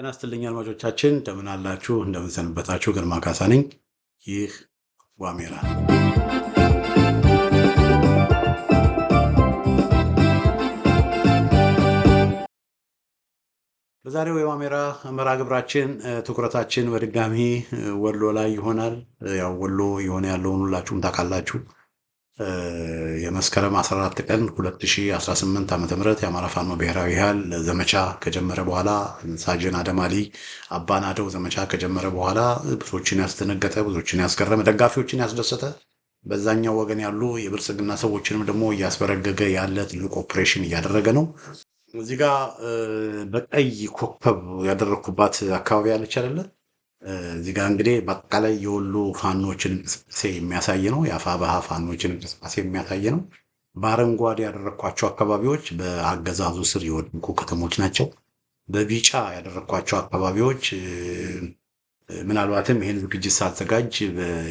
ጤና ይስጥልኝ አድማጮቻችን፣ እንደምን አላችሁ? እንደምን ሰንበታችሁ? ግርማ ካሳ ነኝ። ይህ ዋሜራ በዛሬው የዋሜራ መራ ግብራችን ትኩረታችን በድጋሚ ወሎ ላይ ይሆናል። ያው ወሎ የሆነ ያለውን ሁላችሁም ታውቃላችሁ። የመስከረም 14 ቀን 2018 ዓ.ም የአማራ ፋኖ ብሔራዊ ኃይል ዘመቻ ከጀመረ በኋላ ሳጅን አደማሊ አባናደው ዘመቻ ከጀመረ በኋላ ብዙዎችን ያስደነገጠ፣ ብዙዎችን ያስገረመ፣ ደጋፊዎችን ያስደሰተ በዛኛው ወገን ያሉ የብልጽግና ሰዎችንም ደግሞ እያስበረገገ ያለ ትልቅ ኦፕሬሽን እያደረገ ነው። እዚህ ጋር በቀይ ኮከብ ያደረግኩባት አካባቢ ያለች አይደለ እዚህ ጋር እንግዲህ በአጠቃላይ የወሎ ፋኖችን እንቅስቃሴ የሚያሳይ ነው። የአፋብኃ ፋኖችን እንቅስቃሴ የሚያሳይ ነው። በአረንጓዴ ያደረግኳቸው አካባቢዎች በአገዛዙ ስር የወደቁ ከተሞች ናቸው። በቢጫ ያደረግኳቸው አካባቢዎች ምናልባትም ይህን ዝግጅት ሳዘጋጅ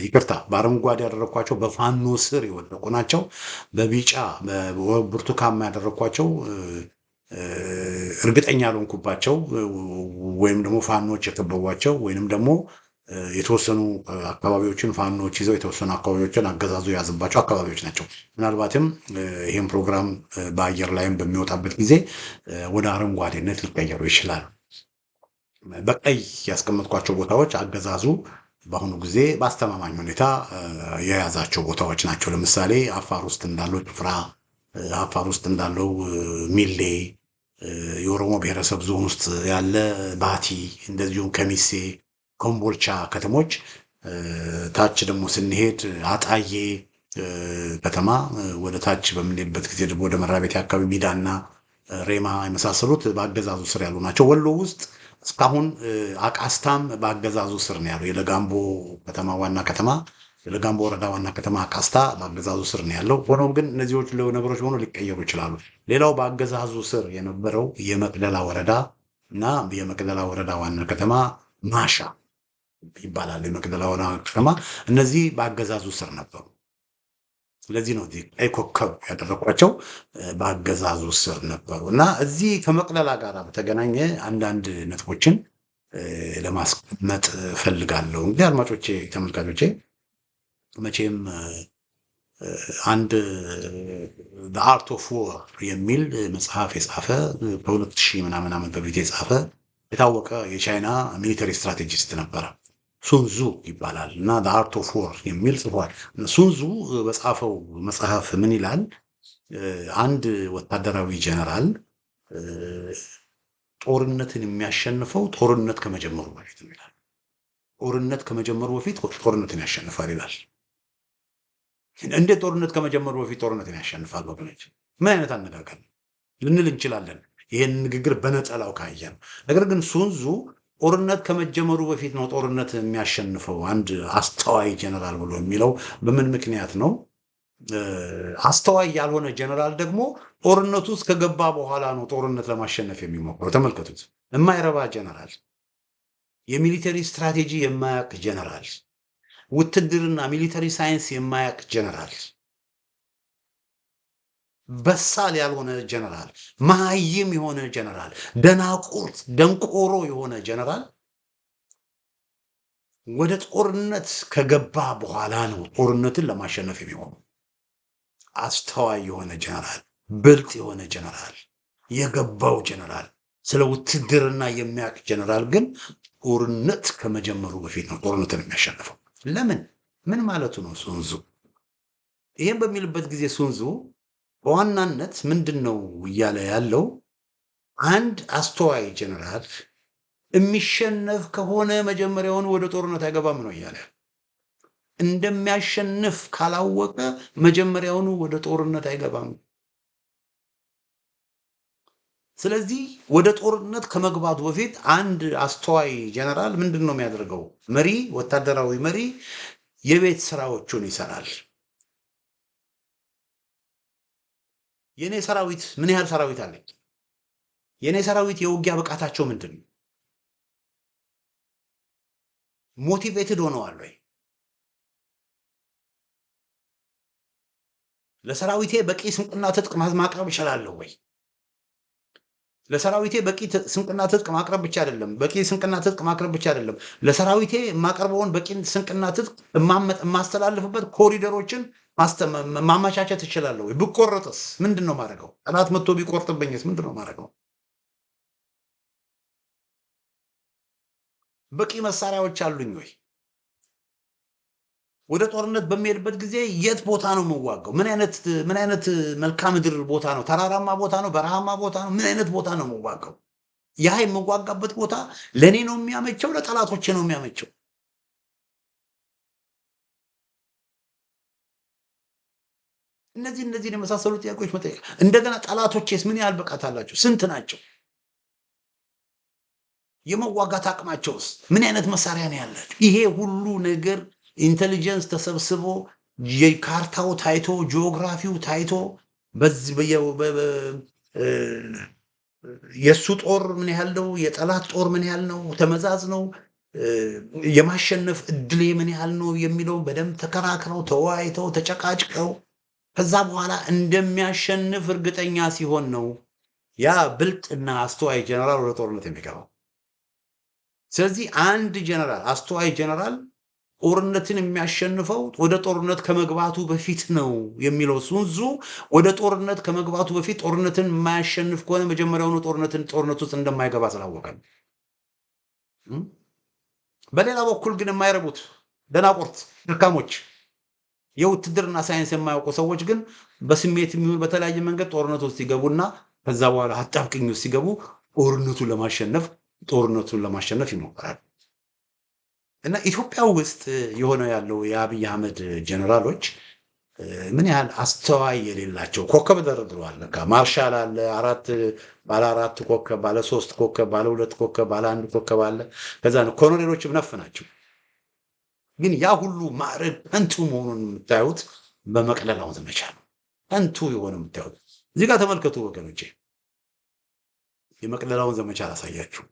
ይቅርታ፣ በአረንጓዴ ያደረግኳቸው በፋኖ ስር የወደቁ ናቸው። በቢጫ ብርቱካማ ያደረግኳቸው እርግጠኛ ያልሆንኩባቸው ወይም ደግሞ ፋኖች የከበቧቸው ወይንም ደግሞ የተወሰኑ አካባቢዎችን ፋኖች ይዘው የተወሰኑ አካባቢዎችን አገዛዙ የያዘባቸው አካባቢዎች ናቸው። ምናልባትም ይህም ፕሮግራም በአየር ላይም በሚወጣበት ጊዜ ወደ አረንጓዴነት ሊቀየሩ ይችላል። በቀይ ያስቀመጥኳቸው ቦታዎች አገዛዙ በአሁኑ ጊዜ በአስተማማኝ ሁኔታ የያዛቸው ቦታዎች ናቸው። ለምሳሌ አፋር ውስጥ እንዳለው ጭፍራ፣ አፋር ውስጥ እንዳለው ሚሌ የኦሮሞ ብሔረሰብ ዞን ውስጥ ያለ ባቲ፣ እንደዚሁም ከሚሴ፣ ኮምቦልቻ ከተሞች ታች ደግሞ ስንሄድ አጣዬ ከተማ ወደ ታች በምንሄድበት ጊዜ ደግሞ ወደ መራቤቴ አካባቢ ሚዳና ሬማ የመሳሰሉት በአገዛዙ ስር ያሉ ናቸው። ወሎ ውስጥ እስካሁን አቃስታም በአገዛዙ ስር ነው ያሉ የለጋምቦ ከተማ ዋና ከተማ ለጋንቦ ወረዳ ዋና ከተማ ካስታ በአገዛዙ ስር ነው ያለው። ሆኖም ግን እነዚዎቹ ነገሮች ሆኖ ሊቀየሩ ይችላሉ። ሌላው በአገዛዙ ስር የነበረው የመቅደላ ወረዳ እና የመቅደላ ወረዳ ዋና ከተማ ማሻ ይባላል። የመቅደላ ወረዳ ከተማ እነዚህ በአገዛዙ ስር ነበሩ። ስለዚህ ነው ቀይ ኮከብ ያደረኳቸው በአገዛዙ ስር ነበሩ እና እዚህ ከመቅደላ ጋር በተገናኘ አንዳንድ ነጥቦችን ለማስቀመጥ ፈልጋለሁ። እንግዲህ አድማጮቼ፣ ተመልካቾቼ መቼም አንድ በአርት ኦፍ ዎር የሚል መጽሐፍ የጻፈ በሁለት ሺህ ምናምን ዓመት በፊት የጻፈ የታወቀ የቻይና ሚሊተሪ ስትራቴጂስት ነበረ። ሱንዙ ይባላል እና አርት ኦፍ ዎር የሚል ጽፏል። ሱንዙ በጻፈው መጽሐፍ ምን ይላል? አንድ ወታደራዊ ጀነራል ጦርነትን የሚያሸንፈው ጦርነት ከመጀመሩ በፊት ነው ይላል። ጦርነት ከመጀመሩ በፊት ጦርነትን ያሸንፋል ይላል። እንዴት ጦርነት ከመጀመሩ በፊት ጦርነት ያሸንፋል? ወገኖች ምን አይነት አነጋገር ልንል እንችላለን? ይህን ንግግር በነጠላው ካየን። ነገር ግን ሱንዙ ጦርነት ከመጀመሩ በፊት ነው ጦርነት የሚያሸንፈው አንድ አስተዋይ ጀነራል ብሎ የሚለው በምን ምክንያት ነው? አስተዋይ ያልሆነ ጀነራል ደግሞ ጦርነቱ ውስጥ ከገባ በኋላ ነው ጦርነት ለማሸነፍ የሚሞክረው። ተመልከቱት። የማይረባ ጀነራል፣ የሚሊተሪ ስትራቴጂ የማያውቅ ጀነራል ውትድርና ሚሊተሪ ሳይንስ የማያቅ ጀነራል፣ በሳል ያልሆነ ጀነራል፣ መሀይም የሆነ ጀነራል፣ ደናቁርት ደንቆሮ የሆነ ጀነራል ወደ ጦርነት ከገባ በኋላ ነው ጦርነትን ለማሸነፍ የሚሆኑ። አስተዋይ የሆነ ጀነራል፣ ብልጥ የሆነ ጀነራል፣ የገባው ጀነራል፣ ስለ ውትድርና የሚያውቅ ጀነራል ግን ጦርነት ከመጀመሩ በፊት ነው ጦርነትን የሚያሸንፈው። ለምን ምን ማለቱ ነው? ሱንዙ ይህም በሚልበት ጊዜ ሱንዙ በዋናነት ምንድን ነው እያለ ያለው አንድ አስተዋይ ጀነራል የሚሸነፍ ከሆነ መጀመሪያውን ወደ ጦርነት አይገባም ነው እያለ እንደሚያሸንፍ ካላወቀ መጀመሪያውኑ ወደ ጦርነት አይገባም። ስለዚህ ወደ ጦርነት ከመግባቱ በፊት አንድ አስተዋይ ጀነራል ምንድን ነው የሚያደርገው? መሪ ወታደራዊ መሪ የቤት ስራዎቹን ይሰራል። የእኔ ሰራዊት ምን ያህል ሰራዊት አለኝ? የእኔ ሰራዊት የውጊያ ብቃታቸው ምንድን ነው? ሞቲቬትድ ሆነዋል ወይ? ለሰራዊቴ በቂ ስንቅና ትጥቅ ማቅረብ እችላለሁ ወይ? ለሰራዊቴ በቂ ስንቅና ትጥቅ ማቅረብ ብቻ አይደለም፣ በቂ ስንቅና ትጥቅ ማቅረብ ብቻ አይደለም፣ ለሰራዊቴ የማቀርበውን በቂ ስንቅና ትጥቅ የማስተላልፍበት ኮሪደሮችን ማመቻቸት እችላለሁ። ብቆረጥስ ምንድን ነው ማድረገው? ጠላት መጥቶ ቢቆርጥብኝስ ምንድን ነው ማድረገው? በቂ መሳሪያዎች አሉኝ ወይ? ወደ ጦርነት በሚሄድበት ጊዜ የት ቦታ ነው የምዋጋው? ምን አይነት መልክዓ ምድር ቦታ ነው? ተራራማ ቦታ ነው? በረሃማ ቦታ ነው? ምን አይነት ቦታ ነው የምዋጋው? ያ የምዋጋበት ቦታ ለእኔ ነው የሚያመቸው? ለጠላቶቼ ነው የሚያመቸው? እነዚህ እነዚህን የመሳሰሉ ጥያቄዎች መጠየቅ። እንደገና ጠላቶቼስ ምን ያህል ብቃት አላቸው? ስንት ናቸው? የመዋጋት አቅማቸውስ ምን አይነት መሳሪያ ነው ያላቸው? ይሄ ሁሉ ነገር ኢንቴሊጀንስ ተሰብስቦ የካርታው ታይቶ ጂኦግራፊው ታይቶ የእሱ ጦር ምን ያህል ነው፣ የጠላት ጦር ምን ያህል ነው፣ ተመዛዝ ነው፣ የማሸነፍ እድሌ ምን ያህል ነው የሚለው በደንብ ተከራክረው ተወያይተው ተጨቃጭቀው ከዛ በኋላ እንደሚያሸንፍ እርግጠኛ ሲሆን ነው ያ ብልጥና አስተዋይ ጀነራል ወደ ጦርነት የሚገባው። ስለዚህ አንድ ጀነራል አስተዋይ ጀነራል ጦርነትን የሚያሸንፈው ወደ ጦርነት ከመግባቱ በፊት ነው የሚለው ሱንዙ። ወደ ጦርነት ከመግባቱ በፊት ጦርነትን የማያሸንፍ ከሆነ መጀመሪያውኑ ጦርነትን ጦርነት ውስጥ እንደማይገባ ስላወቃል። በሌላ በኩል ግን የማይረቡት ደናቁርት፣ ድርካሞች፣ የውትድርና ሳይንስ የማያውቁ ሰዎች ግን በስሜት የሚሆን በተለያየ መንገድ ጦርነት ውስጥ ሲገቡና ከዛ በኋላ አጣብቅኝ ውስጥ ሲገቡ ጦርነቱን ለማሸነፍ ጦርነቱን ለማሸነፍ ይሞክራል። እና ኢትዮጵያ ውስጥ የሆነ ያለው የአብይ አህመድ ጀኔራሎች ምን ያህል አስተዋይ የሌላቸው ኮከብ ደረድረዋል። ማርሻል አለ፣ አራት ባለ አራት ኮከብ፣ ባለ ሶስት ኮከብ፣ ባለ ሁለት ኮከብ፣ ባለ አንድ ኮከብ አለ። ከዛ ነው ኮሎኔሎችም ነፍ ናቸው። ግን ያ ሁሉ ማዕረግ ከንቱ መሆኑን የምታዩት በመቅለላው ዘመቻ ነው። ከንቱ የሆነ የምታዩት እዚህ ጋር ተመልከቱ ወገኖቼ፣ የመቅለላውን ዘመቻ አላሳያችሁ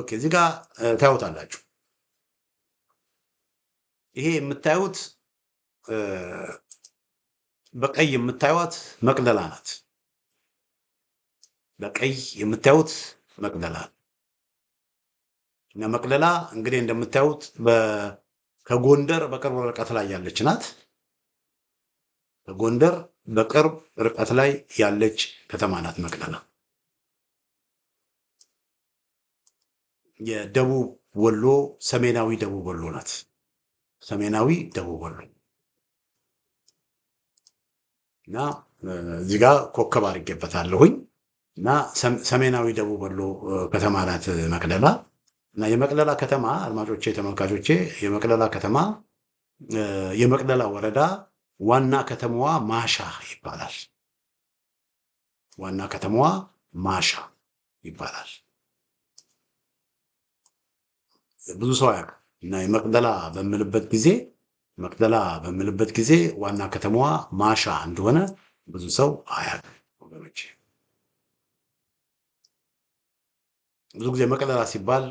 ኦኬ እዚህ ጋር አላችሁ። ይሄ የምታዩት በቀይ የምታዩት መቅደላ ናት። በቀይ የምታዩት መቅደላ እና መቅደላ እንግዲህ እንደምታዩት ከጎንደር በቅርብ ርቀት ላይ ያለች ናት። ከጎንደር በቅርብ ርቀት ላይ ያለች ከተማ ናት መቅደላ። የደቡብ ወሎ ሰሜናዊ ደቡብ ወሎ ናት። ሰሜናዊ ደቡብ ወሎ እና እዚህ ጋ ኮከብ አድርጌበታለሁኝ እና ሰሜናዊ ደቡብ ወሎ ከተማ ናት መቅደላ። እና የመቅደላ ከተማ አድማጮቼ፣ ተመልካቾቼ የመቅደላ ከተማ የመቅደላ ወረዳ ዋና ከተማዋ ማሻ ይባላል። ዋና ከተማዋ ማሻ ይባላል። ብዙ ሰው ያውቃል እና የመቅደላ በምልበት ጊዜ መቅደላ በምልበት ጊዜ ዋና ከተማዋ ማሻ እንደሆነ ብዙ ሰው አያቅ። ወገኖች። ብዙ ጊዜ መቅደላ ሲባል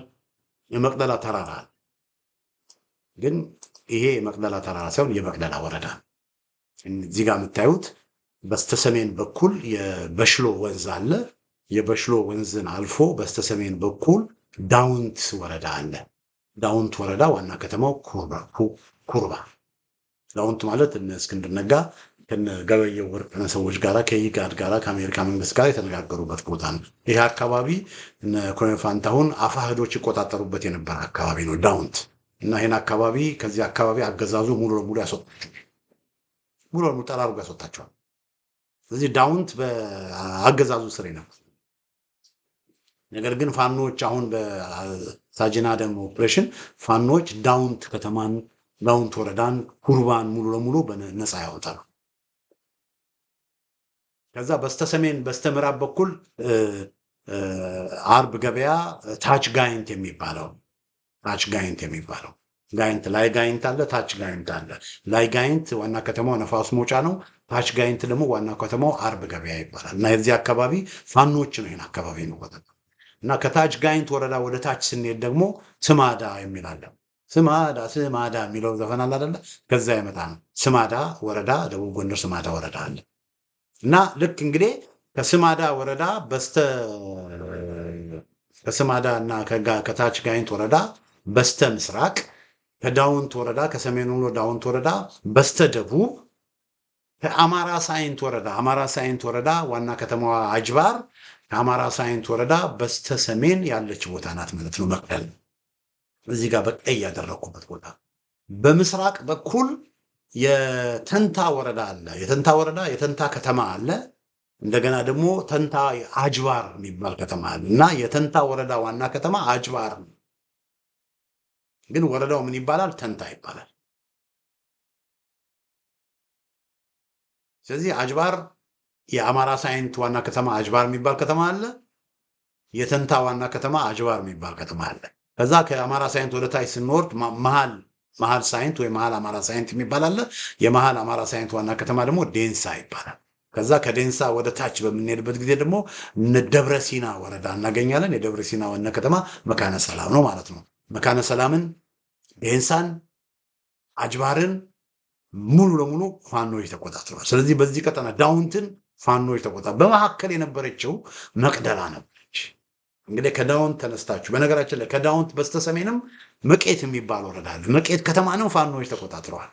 የመቅደላ ተራራ ግን ይሄ የመቅደላ ተራራ ሳይሆን የመቅደላ ወረዳ እዚህ ጋር የምታዩት በስተሰሜን በኩል የበሽሎ ወንዝ አለ። የበሽሎ ወንዝን አልፎ በስተሰሜን በኩል ዳውንት ወረዳ አለ። ዳውንት ወረዳ ዋና ከተማው ኩርባ። ዳውንት ማለት እነ እስክንድር ነጋ ከነ ገበየሁ ወርቅነህ ሰዎች ጋራ ከኢጋድ ጋራ ከአሜሪካ መንግስት ጋር የተነጋገሩበት ቦታ ነው። ይህ አካባቢ እነ አፋህዶች ይቆጣጠሩበት የነበረ አካባቢ ነው ዳውንት እና ይህን አካባቢ ከዚህ አካባቢ አገዛዙ ሙሉ ለሙሉ ያስወጣቸዋል። ሙሉ ለሙሉ ጠራርጎ ያስወጣቸዋል። ስለዚህ ዳውንት በአገዛዙ ስር ነበር። ነገር ግን ፋኖች አሁን ሳጅና ደግሞ ኦፕሬሽን ፋኖች ዳውንት ከተማን፣ ዳውንት ወረዳን፣ ኩርባን ሙሉ ለሙሉ ነፃ ያወጣሉ። ከዛ በስተሰሜን በስተምዕራብ በኩል አርብ ገበያ ታች ጋይንት የሚባለው ታች ጋይንት የሚባለው ጋይንት ላይ ጋይንት አለ፣ ታች ጋይንት አለ። ላይ ጋይንት ዋና ከተማው ነፋስ መውጫ ነው። ታች ጋይንት ደግሞ ዋና ከተማው አርብ ገበያ ይባላል። እና የዚህ አካባቢ ፋኖች ነው ይህን አካባቢ ነው እና ከታች ጋይንት ወረዳ ወደ ታች ስንሄድ ደግሞ ስማዳ የሚል አለ። ስማዳ ስማዳ የሚለው ዘፈን አለ አይደለ? ከዛ ይመጣ ነው። ስማዳ ወረዳ ደቡብ ጎንደር ስማዳ ወረዳ አለ እና ልክ እንግዲህ ከስማዳ ወረዳ በስተ ከስማዳ እና ከታች ጋይንት ወረዳ በስተ ምስራቅ ከዳውንት ወረዳ ከሰሜን ወሎ ዳውንት ወረዳ በስተ ደቡብ ከአማራ ሳይንት ወረዳ አማራ ሳይንት ወረዳ ዋና ከተማዋ አጅባር የአማራ ሳይንት ወረዳ በስተ ሰሜን ያለች ቦታ ናት ማለት ነው። መቅደል እዚህ ጋር በቀይ ያደረግኩበት ቦታ። በምስራቅ በኩል የተንታ ወረዳ አለ። የተንታ ወረዳ የተንታ ከተማ አለ። እንደገና ደግሞ ተንታ አጅባር የሚባል ከተማ አለ እና የተንታ ወረዳ ዋና ከተማ አጅባር ነው። ግን ወረዳው ምን ይባላል? ተንታ ይባላል። ስለዚህ አጅባር የአማራ ሳይንት ዋና ከተማ አጅባር የሚባል ከተማ አለ። የተንታ ዋና ከተማ አጅባር የሚባል ከተማ አለ። ከዛ ከአማራ ሳይንት ወደ ታች ስንወርድ መሀል መሀል ሳይንት ወይ መሀል አማራ ሳይንት የሚባል አለ። የመሀል አማራ ሳይንት ዋና ከተማ ደግሞ ዴንሳ ይባላል። ከዛ ከዴንሳ ወደ ታች በምንሄድበት ጊዜ ደግሞ ደብረ ሲና ወረዳ እናገኛለን። የደብረ ሲና ዋና ከተማ መካነ ሰላም ነው ማለት ነው። መካነ ሰላምን፣ ዴንሳን፣ አጅባርን ሙሉ ለሙሉ ፋኖች ተቆጣጥረዋል። ስለዚህ በዚህ ቀጠና ዳውንትን ፋኖች ተቆጣ። በመካከል የነበረችው መቅደላ ነበረች። እንግዲህ ከዳውንት ተነስታችሁ በነገራችን ላይ ከዳውንት በስተሰሜንም መቄት የሚባል ወረዳ አለ። መቄት ከተማንም ፋኖች ተቆጣጥረዋል።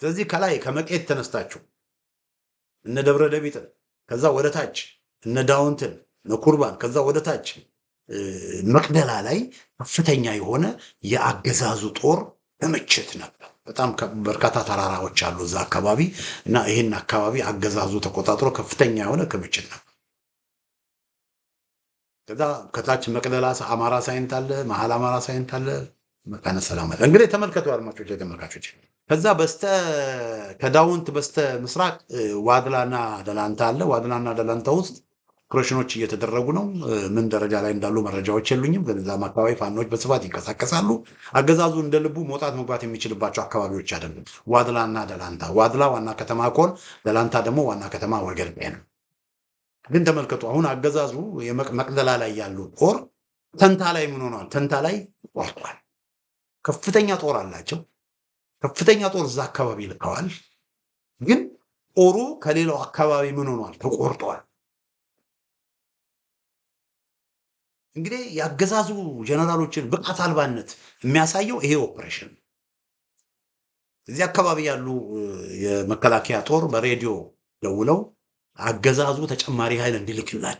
ስለዚህ ከላይ ከመቄት ተነስታችሁ እነ ደብረ ደቢጥን ከዛ ወደ ታች እነ ዳውንትን እነ ኩርባን ከዛ ወደ ታች መቅደላ ላይ ከፍተኛ የሆነ የአገዛዙ ጦር ክምችት ነበር። በጣም በርካታ ተራራዎች አሉ እዛ አካባቢ እና ይህን አካባቢ አገዛዙ ተቆጣጥሮ ከፍተኛ የሆነ ክምችት ነው። ከዛ ከታች መቅደላ አማራ ሳይንት አለ፣ መሀል አማራ ሳይንት አለ፣ መካነ ሰላም አለ። እንግዲህ ተመልከቱ አድማጮች ተመልካቾች። ከዛ በስተ ከዳውንት በስተ ምስራቅ ዋድላና ደላንታ አለ። ዋድላና ደላንታ ውስጥ ክሮሽኖች እየተደረጉ ነው። ምን ደረጃ ላይ እንዳሉ መረጃዎች የሉኝም፣ ግን አካባቢ ፋኖች በስፋት ይንቀሳቀሳሉ። አገዛዙ እንደ ልቡ መውጣት መግባት የሚችልባቸው አካባቢዎች ዋድላ እና ደላንታ፣ ዋድላ ዋና ከተማ ኮን ደላንታ ደግሞ ዋና ከተማ ወልገርጤ ነው። ግን ተመልከቱ አሁን አገዛዙ መቅደላ ላይ ያሉ ጦር ተንታ ላይ ምን ሆኗል? ተንታ ላይ ቆርጧል። ከፍተኛ ጦር አላቸው። ከፍተኛ ጦር እዛ አካባቢ ልከዋል። ግን ጦሩ ከሌላው አካባቢ ምን ሆኗል? ተቆርጧል። እንግዲህ የአገዛዙ ጀነራሎችን ብቃት አልባነት የሚያሳየው ይሄ ኦፕሬሽን እዚህ አካባቢ ያሉ የመከላከያ ጦር በሬዲዮ ደውለው አገዛዙ ተጨማሪ ኃይል እንዲልክላል፣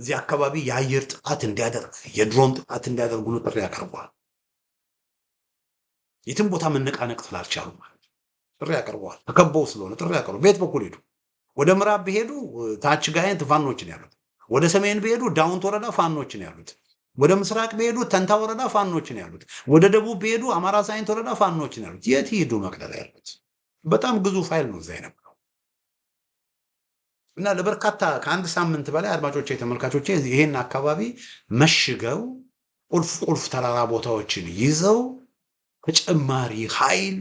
እዚህ አካባቢ የአየር ጥቃት እንዲያደርግ፣ የድሮን ጥቃት እንዲያደርጉ ጥሪ ያቀርበዋል። የትም ቦታ መነቃነቅ ስላልቻሉ ማለት ጥሪ ያቀርበዋል። ተከበው ስለሆነ ጥሪ ያቀርቡ። ቤት በኩል ሄዱ፣ ወደ ምዕራብ ሄዱ። ታች ጋይንት ፋኖችን ያሉት ወደ ሰሜን በሄዱ ዳውንት ወረዳ ፋኖች ነው ያሉት። ወደ ምስራቅ በሄዱ ተንታ ወረዳ ፋኖች ነው ያሉት። ወደ ደቡብ በሄዱ አማራ ሳይንት ወረዳ ፋኖች ነው ያሉት። የት ይሄዱ መቅደላ ያሉት? በጣም ግዙፍ ኃይል ነው እዛ የነበረው እና ለበርካታ ከአንድ ሳምንት በላይ አድማጮቼ፣ ተመልካቾቼ ይሄን አካባቢ መሽገው ቁልፍ ቁልፍ ተራራ ቦታዎችን ይዘው ተጨማሪ ኃይል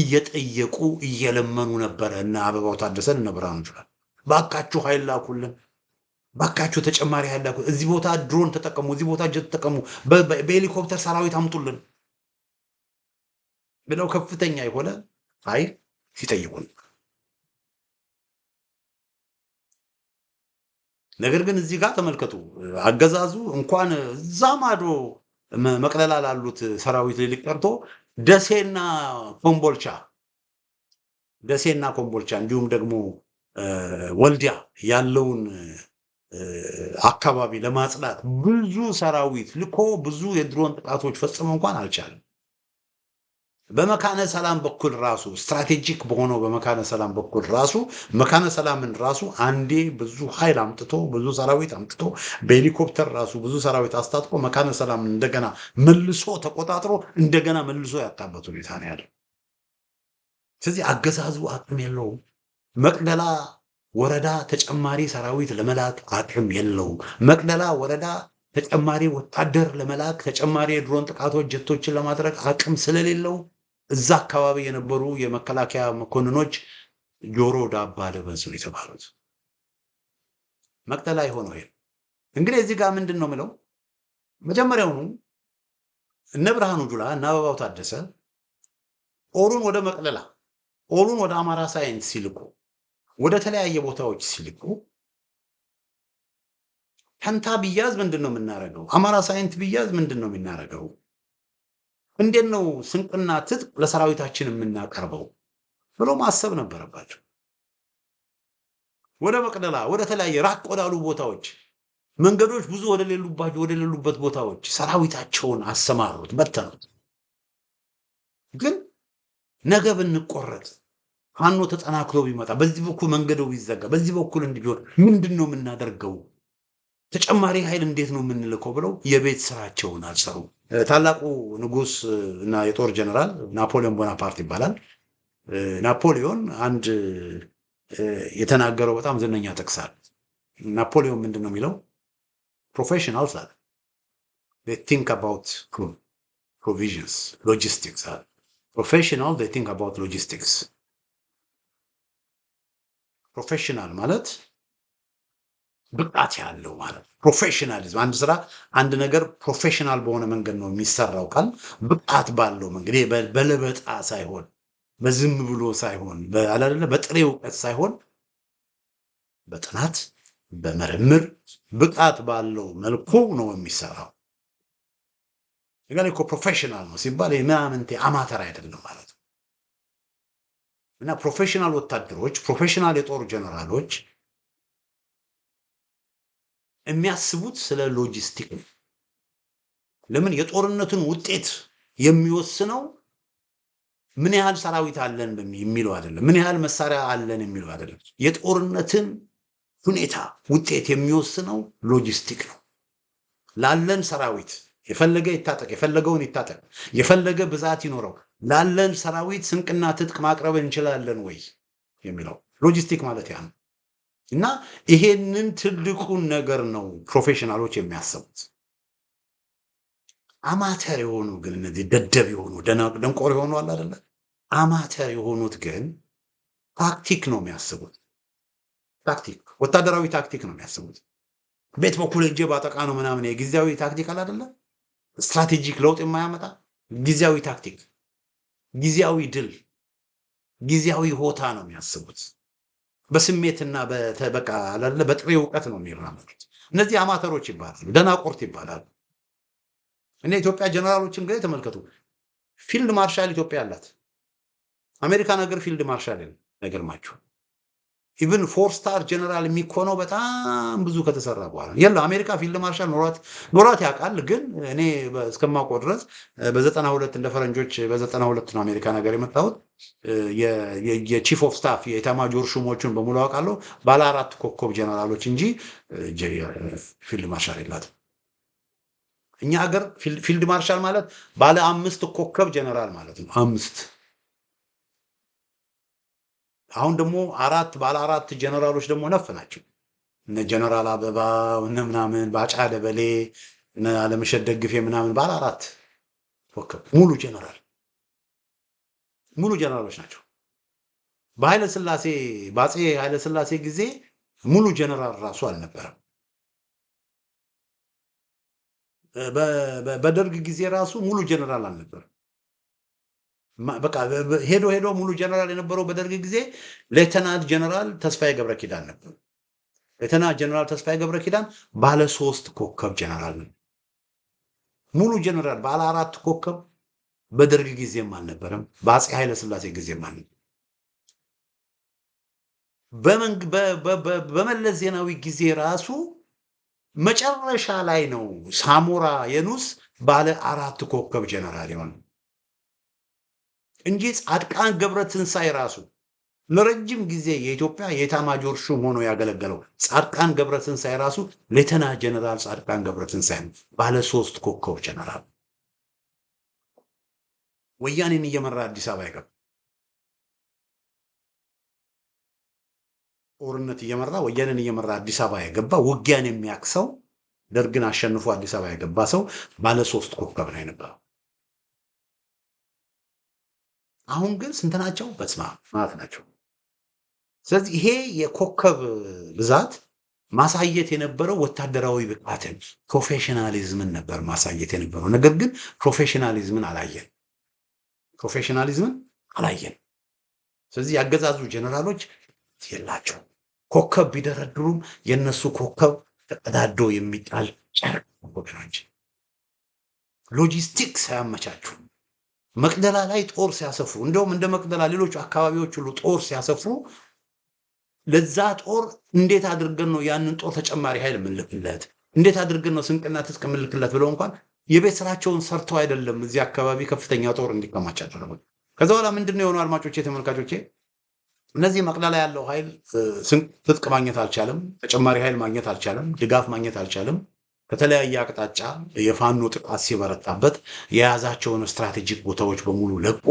እየጠየቁ እየለመኑ ነበረ እና አበባው ታደሰን እነ ብርሃኑ ይችላል ባካችሁ ኃይል ላኩልን ባካችሁ ተጨማሪ ያላችሁ እዚህ ቦታ ድሮን ተጠቀሙ፣ እዚህ ቦታ ጀት ተጠቀሙ፣ በሄሊኮፕተር ሰራዊት አምጡልን ብለው ከፍተኛ የሆነ ኃይል ሲጠይቁን፣ ነገር ግን እዚህ ጋር ተመልከቱ፣ አገዛዙ እንኳን እዛ ማዶ መቅለላ ላሉት ሰራዊት ሊልቅ ቀርቶ ደሴና ኮምቦልቻ ደሴና ኮምቦልቻ እንዲሁም ደግሞ ወልዲያ ያለውን አካባቢ ለማጽዳት ብዙ ሰራዊት ልኮ ብዙ የድሮን ጥቃቶች ፈጽሞ እንኳን አልቻለም። በመካነ ሰላም በኩል ራሱ ስትራቴጂክ በሆነው በመካነ ሰላም በኩል ራሱ መካነ ሰላምን ራሱ አንዴ ብዙ ኃይል አምጥቶ ብዙ ሰራዊት አምጥቶ በሄሊኮፕተር ራሱ ብዙ ሰራዊት አስታጥቆ መካነ ሰላምን እንደገና መልሶ ተቆጣጥሮ እንደገና መልሶ ያጣበት ሁኔታ ነው ያለው። ስለዚህ አገዛዙ አቅም የለውም። መቅደላ ወረዳ ተጨማሪ ሰራዊት ለመላክ አቅም የለውም። መቅደላ ወረዳ ተጨማሪ ወታደር ለመላክ ተጨማሪ የድሮን ጥቃቶች ጀቶችን ለማድረግ አቅም ስለሌለው እዛ አካባቢ የነበሩ የመከላከያ መኮንኖች ጆሮ ዳባ ልበሱ የተባሉት መቅደላ የሆነው ይሄ እንግዲህ እዚህ ጋር ምንድን ነው የምለው መጀመሪያውኑ እነ ብርሃኑ ጁላ እነ አበባው ታደሰ ኦሩን ወደ መቅደላ ኦሩን ወደ አማራ ሳይንስ ሲልኩ ወደ ተለያየ ቦታዎች ሲልኩ ፈንታ ብያዝ ምንድን ነው የምናደርገው? አማራ ሳይንት ብያዝ ምንድን ነው የምናደርገው? እንዴት ነው ስንቅና ትጥቅ ለሰራዊታችን የምናቀርበው ብሎ ማሰብ ነበረባቸው። ወደ መቅደላ፣ ወደ ተለያየ ራቅ ወዳሉ ቦታዎች፣ መንገዶች ብዙ ወደሌሉባቸው ወደሌሉበት ቦታዎች ሰራዊታቸውን አሰማሩት፣ በተኑት። ግን ነገ ብንቆረጥ ፋኖ ተጠናክሮ ቢመጣ በዚህ በኩል መንገደው ቢዘጋ በዚህ በኩል እንዲሆን ምንድን ነው የምናደርገው? ተጨማሪ ኃይል እንዴት ነው የምንልከው? ብለው የቤት ስራቸውን አልሰሩ። ታላቁ ንጉስ እና የጦር ጀነራል ናፖሊዮን ቦናፓርት ይባላል። ናፖሊዮን አንድ የተናገረው በጣም ዝነኛ ጥቅስ አለ። ናፖሊዮን ምንድን ነው የሚለው? ፕሮፌሽናልስ አለ ቲንክ አባውት ፕሮቪዥንስ ሎጂስቲክስ አለ ፕሮፌሽናል ቲንክ አባውት ሎጂስቲክስ ፕሮፌሽናል ማለት ብቃት ያለው ማለት ፕሮፌሽናሊዝም፣ አንድ ስራ አንድ ነገር ፕሮፌሽናል በሆነ መንገድ ነው የሚሰራው ካል ብቃት ባለው መንገድ በለበጣ ሳይሆን በዝም ብሎ ሳይሆን አላደለ በጥሬ እውቀት ሳይሆን በጥናት በምርምር ብቃት ባለው መልኩ ነው የሚሰራው። እገሌ እኮ ፕሮፌሽናል ነው ሲባል ምናምንቴ አማተር አይደለም ማለት እና ፕሮፌሽናል ወታደሮች፣ ፕሮፌሽናል የጦር ጀነራሎች የሚያስቡት ስለ ሎጂስቲክ ነው። ለምን የጦርነቱን ውጤት የሚወስነው ምን ያህል ሰራዊት አለን የሚለው አይደለም፣ ምን ያህል መሳሪያ አለን የሚለው አይደለም። የጦርነትን ሁኔታ ውጤት የሚወስነው ሎጂስቲክ ነው። ላለን ሰራዊት የፈለገ ይታጠቅ፣ የፈለገውን ይታጠቅ፣ የፈለገ ብዛት ይኖረው ላለን ሰራዊት ስንቅና ትጥቅ ማቅረብ እንችላለን ወይ የሚለው ሎጂስቲክ ማለት ያ ነው። እና ይሄንን ትልቁን ነገር ነው ፕሮፌሽናሎች የሚያስቡት። አማተር የሆኑ ግን እነዚህ ደደብ የሆኑ ደንቆር የሆኑ አለ አይደለ? አማተር የሆኑት ግን ታክቲክ ነው የሚያስቡት። ታክቲክ ወታደራዊ ታክቲክ ነው የሚያስቡት። ቤት በኩል እጄ ባጠቃ ነው ምናምን የጊዜያዊ ታክቲክ አለ አይደለ? ስትራቴጂክ ለውጥ የማያመጣ ጊዜያዊ ታክቲክ ጊዜያዊ ድል፣ ጊዜያዊ ሆታ ነው የሚያስቡት። በስሜትና በተበቃ በጥሬ እውቀት ነው የሚራመዱት። እነዚህ አማተሮች ይባላሉ፣ ደናቁርት ይባላሉ። እኔ ኢትዮጵያ ጀነራሎችን ጊዜ ተመልከቱ። ፊልድ ማርሻል ኢትዮጵያ አላት። አሜሪካ ነገር ፊልድ ማርሻል ነገር ኢቨን ፎር ስታር ጀነራል የሚኮነው በጣም ብዙ ከተሰራ በኋላ የለ አሜሪካ ፊልድ ማርሻል ኖራት ያውቃል። ግን እኔ እስከማውቀው ድረስ በዘጠና ሁለት እንደ ፈረንጆች በዘጠና ሁለት ነው አሜሪካ ነገር የመጣሁት። የቺፍ ኦፍ ስታፍ የኢታማጆር ሹሞቹን በሙሉ አውቃለሁ። ባለ አራት ኮከብ ጀነራሎች እንጂ ፊልድ ማርሻል የላትም። እኛ ሀገር ፊልድ ማርሻል ማለት ባለ አምስት ኮከብ ጀነራል ማለት ነው። አምስት አሁን ደግሞ አራት ባለ አራት ጀነራሎች ደግሞ ነፍ ናቸው። እነ ጀነራል አበባ እነ ምናምን ባጫ ደበሌ እነ አለመሸት ደግፌ ምናምን ባለ አራት ኮከብ ሙሉ ጀነራል ሙሉ ጀነራሎች ናቸው። በኃይለ ሥላሴ በአፄ ኃይለ ጊዜ ሙሉ ጀነራል ራሱ አልነበረም። በደርግ ጊዜ ራሱ ሙሉ ጀነራል አልነበረም። በቃ ሄዶ ሄዶ ሙሉ ጀነራል የነበረው በደርግ ጊዜ ሌተናንት ጀነራል ተስፋዬ ገብረ ኪዳን ነበር። ሌተናንት ጀነራል ተስፋዬ ገብረ ኪዳን ባለ ሶስት ኮከብ ጀነራል ነው። ሙሉ ጀነራል ባለ አራት ኮከብ በደርግ ጊዜም አልነበረም፣ በአፄ ኃይለስላሴ ጊዜም አልነበረም። በመለስ ዜናዊ ጊዜ ራሱ መጨረሻ ላይ ነው ሳሞራ የኑስ ባለ አራት ኮከብ ጀነራል የሆነ እንጂ ጻድቃን ገብረ ትንሣኤ ራሱ ለረጅም ጊዜ የኢትዮጵያ የኤታማዦር ሹም ሆኖ ያገለገለው ጻድቃን ገብረ ትንሣኤ ራሱ ሌተና ጀነራል ጻድቃን ገብረ ትንሣኤ ነው። ባለ ሶስት ኮከብ ጀነራል ወያኔን እየመራ አዲስ አበባ ይገባ ጦርነት እየመራ ወያኔን እየመራ አዲስ አበባ የገባ ውጊያን የሚያክሰው ደርግን አሸንፎ አዲስ አበባ የገባ ሰው ባለ ሶስት ኮከብ ነው የነበረው። አሁን ግን ስንት ናቸው? በስማ ማለት ናቸው። ስለዚህ ይሄ የኮከብ ብዛት ማሳየት የነበረው ወታደራዊ ብቃትን ፕሮፌሽናሊዝምን ነበር ማሳየት የነበረው። ነገር ግን ፕሮፌሽናሊዝምን አላየን፣ ፕሮፌሽናሊዝምን አላየን። ስለዚህ ያገዛዙ ጀነራሎች የላቸው ኮከብ ቢደረድሩም የእነሱ ኮከብ ተቀዳዶ የሚጣል ጨርቅ ወገኖች ሎጂስቲክስ አያመቻቹም። መቅደላ ላይ ጦር ሲያሰፍሩ እንደውም እንደ መቅደላ ሌሎች አካባቢዎች ሁሉ ጦር ሲያሰፍሩ ለዛ ጦር እንዴት አድርገን ነው ያንን ጦር ተጨማሪ ኃይል ምልክለት፣ እንዴት አድርገን ነው ስንቅና ትጥቅ ምልክለት ብለው እንኳን የቤት ስራቸውን ሰርተው አይደለም እዚህ አካባቢ ከፍተኛ ጦር እንዲከማች አደረጉ። ከዛ በኋላ ምንድን ነው የሆኑ አድማጮቼ፣ ተመልካቾቼ እነዚህ መቅደላ ያለው ኃይል ትጥቅ ማግኘት አልቻለም። ተጨማሪ ኃይል ማግኘት አልቻለም። ድጋፍ ማግኘት አልቻለም። ከተለያየ አቅጣጫ የፋኖ ጥቃት ሲበረታበት የያዛቸውን ስትራቴጂክ ቦታዎች በሙሉ ለቆ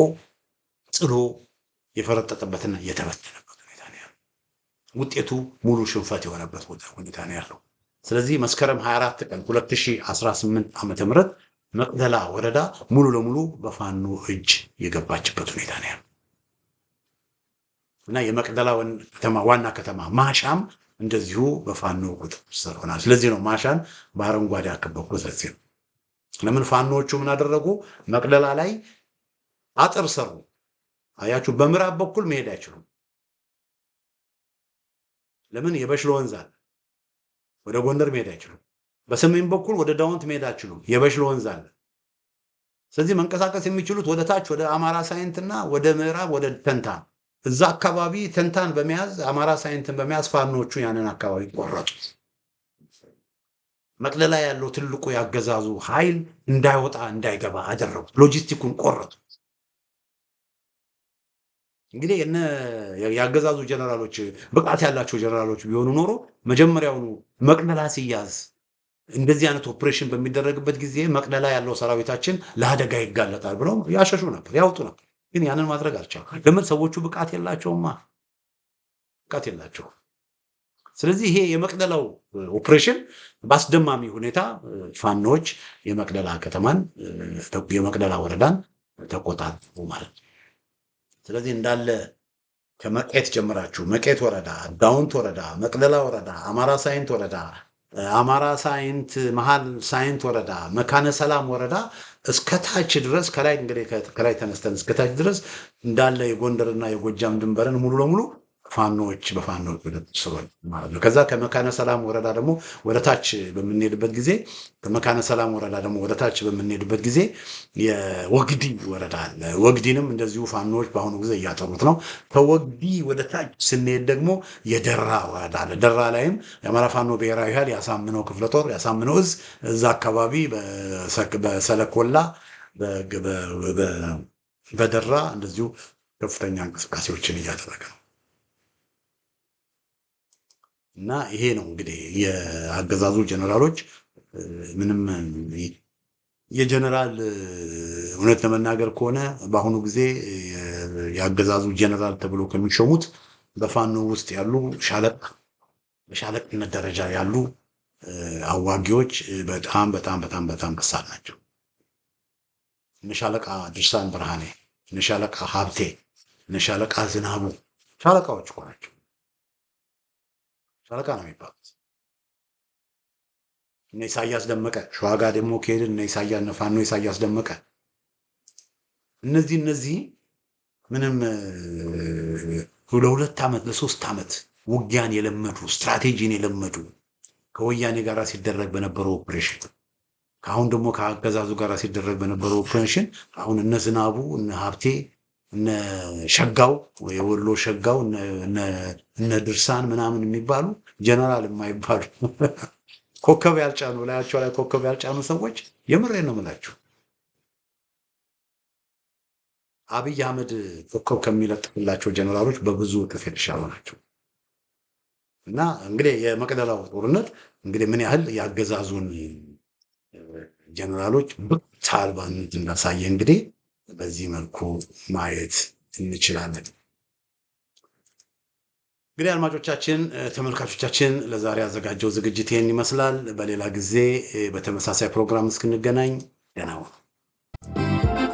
ጽሎ የፈረጠጠበትና የተበተነበት ሁኔታ ነው ያለው። ውጤቱ ሙሉ ሽንፈት የሆነበት ሁኔታ ነው ያለው። ስለዚህ መስከረም 24 ቀን 2018 ዓ ም መቅደላ ወረዳ ሙሉ ለሙሉ በፋኖ እጅ የገባችበት ሁኔታ ነው ያለው እና የመቅደላ ከተማ ዋና ከተማ ማሻም እንደዚሁ በፋኖ ቁጥጥር ስር ሆናል። ስለዚህ ነው ማሻን በአረንጓዴ ያከበብኩት። ስለዚህ ነው ለምን ፋኖቹ ምን አደረጉ? መቅደላ ላይ አጥር ሰሩ። አያችሁ፣ በምዕራብ በኩል መሄድ አይችሉም። ለምን የበሽሎ ወንዝ አለ። ወደ ጎንደር መሄድ አይችሉም። በሰሜን በኩል ወደ ዳውንት መሄድ አይችሉም። የበሽሎ ወንዝ አለ። ስለዚህ መንቀሳቀስ የሚችሉት ወደ ታች ወደ አማራ ሳይንትና ወደ ምዕራብ ወደ ተንታ እዛ አካባቢ ትንታን በመያዝ አማራ ሳይንትን በመያዝ ፋኖቹ ያንን አካባቢ ቆረጡ መቅለላ ያለው ትልቁ ያገዛዙ ኃይል እንዳይወጣ እንዳይገባ አደረጉት። ሎጂስቲኩን ቆረጡ። እንግዲህ እነ ያገዛዙ ጀነራሎች ብቃት ያላቸው ጀነራሎች ቢሆኑ ኖሮ መጀመሪያውኑ መቅለላ ሲያዝ እንደዚህ አይነት ኦፕሬሽን በሚደረግበት ጊዜ መቅለላ ያለው ሰራዊታችን ለአደጋ ይጋለጣል ብለው ያሸሹ ነበር፣ ያወጡ ነበር። ግን ያንን ማድረግ አልቻሉ። ለምን? ሰዎቹ ብቃት የላቸውማ፣ ብቃት የላቸው ስለዚህ ይሄ የመቅደላው ኦፕሬሽን በአስደማሚ ሁኔታ ፋኖች የመቅደላ ከተማን የመቅደላ ወረዳን ተቆጣጠሩ ማለት ነው። ስለዚህ እንዳለ ከመቄት ጀምራችሁ መቄት ወረዳ፣ ዳውንት ወረዳ፣ መቅደላ ወረዳ፣ አማራ ሳይንት ወረዳ አማራ ሳይንት መሀል ሳይንት ወረዳ መካነ ሰላም ወረዳ እስከ ታች ድረስ ከላይ እንግዲህ ከላይ ተነስተን እስከ ታች ድረስ እንዳለ የጎንደርና የጎጃም ድንበርን ሙሉ ለሙሉ ፋኖዎች በፋኖ ስሮች ማለት ነው። ከዛ ከመካነ ሰላም ወረዳ ደግሞ ወደታች በምንሄድበት ጊዜ ከመካነ ሰላም ወረዳ ደግሞ ወደታች በምንሄድበት ጊዜ የወግዲ ወረዳ አለ። ወግዲንም እንደዚሁ ፋኖዎች በአሁኑ ጊዜ እያጠሩት ነው። ከወግዲ ወደታች ስንሄድ ደግሞ የደራ ወረዳ አለ። ደራ ላይም የአማራ ፋኖ ብሔራዊ ኃይል ያሳምነው ክፍለ ጦር ያሳምነው እዝ እዛ አካባቢ በሰለኮላ በደራ እንደዚሁ ከፍተኛ እንቅስቃሴዎችን እያደረገ ነው። እና ይሄ ነው እንግዲህ የአገዛዙ ጀነራሎች ምንም የጀነራል እውነት ለመናገር ከሆነ በአሁኑ ጊዜ የአገዛዙ ጀነራል ተብሎ ከሚሾሙት በፋኖ ውስጥ ያሉ ሻለቅ በሻለቅነት ደረጃ ያሉ አዋጊዎች በጣም በጣም በጣም በጣም በሳል ናቸው። እነሻለቃ ድርሳን ብርሃኔ፣ እነሻለቃ ሀብቴ፣ እነሻለቃ ዝናቡ ሻለቃዎች እኮ ናቸው። ጨረቃ ነው የሚባሉት። እነ ኢሳያስ ደመቀ ሸዋጋ ደግሞ ከሄድን እነ ኢሳያስ ነፋኖ ኢሳያስ ደመቀ እነዚህ እነዚህ ምንም ለሁለት ዓመት ለሶስት ዓመት ውጊያን የለመዱ ስትራቴጂን የለመዱ ከወያኔ ጋር ሲደረግ በነበረው ኦፕሬሽን ከአሁን ደግሞ ከአገዛዙ ጋር ሲደረግ በነበረው ኦፕሬሽን አሁን እነ ዝናቡ እነ ሀብቴ እነ ሸጋው የወሎ ሸጋው እነ ድርሳን ምናምን የሚባሉ ጀነራል የማይባሉ ኮከብ ያልጫኑ ላያቸው ላይ ኮከብ ያልጫኑ ሰዎች የምሬ ነው ምላችሁ። አብይ አህመድ ኮከብ ከሚለጥፍላቸው ጀነራሎች በብዙ እጥፍ የተሻሉ ናቸው። እና እንግዲህ የመቅደላው ጦርነት እንግዲህ ምን ያህል የአገዛዙን ጀነራሎች ብቻ አልባነት እንዳሳየ እንግዲህ በዚህ መልኩ ማየት እንችላለን። እንግዲህ አድማጮቻችን፣ ተመልካቾቻችን ለዛሬ ያዘጋጀው ዝግጅት ይህን ይመስላል። በሌላ ጊዜ በተመሳሳይ ፕሮግራም እስክንገናኝ ደህና ሁኑ።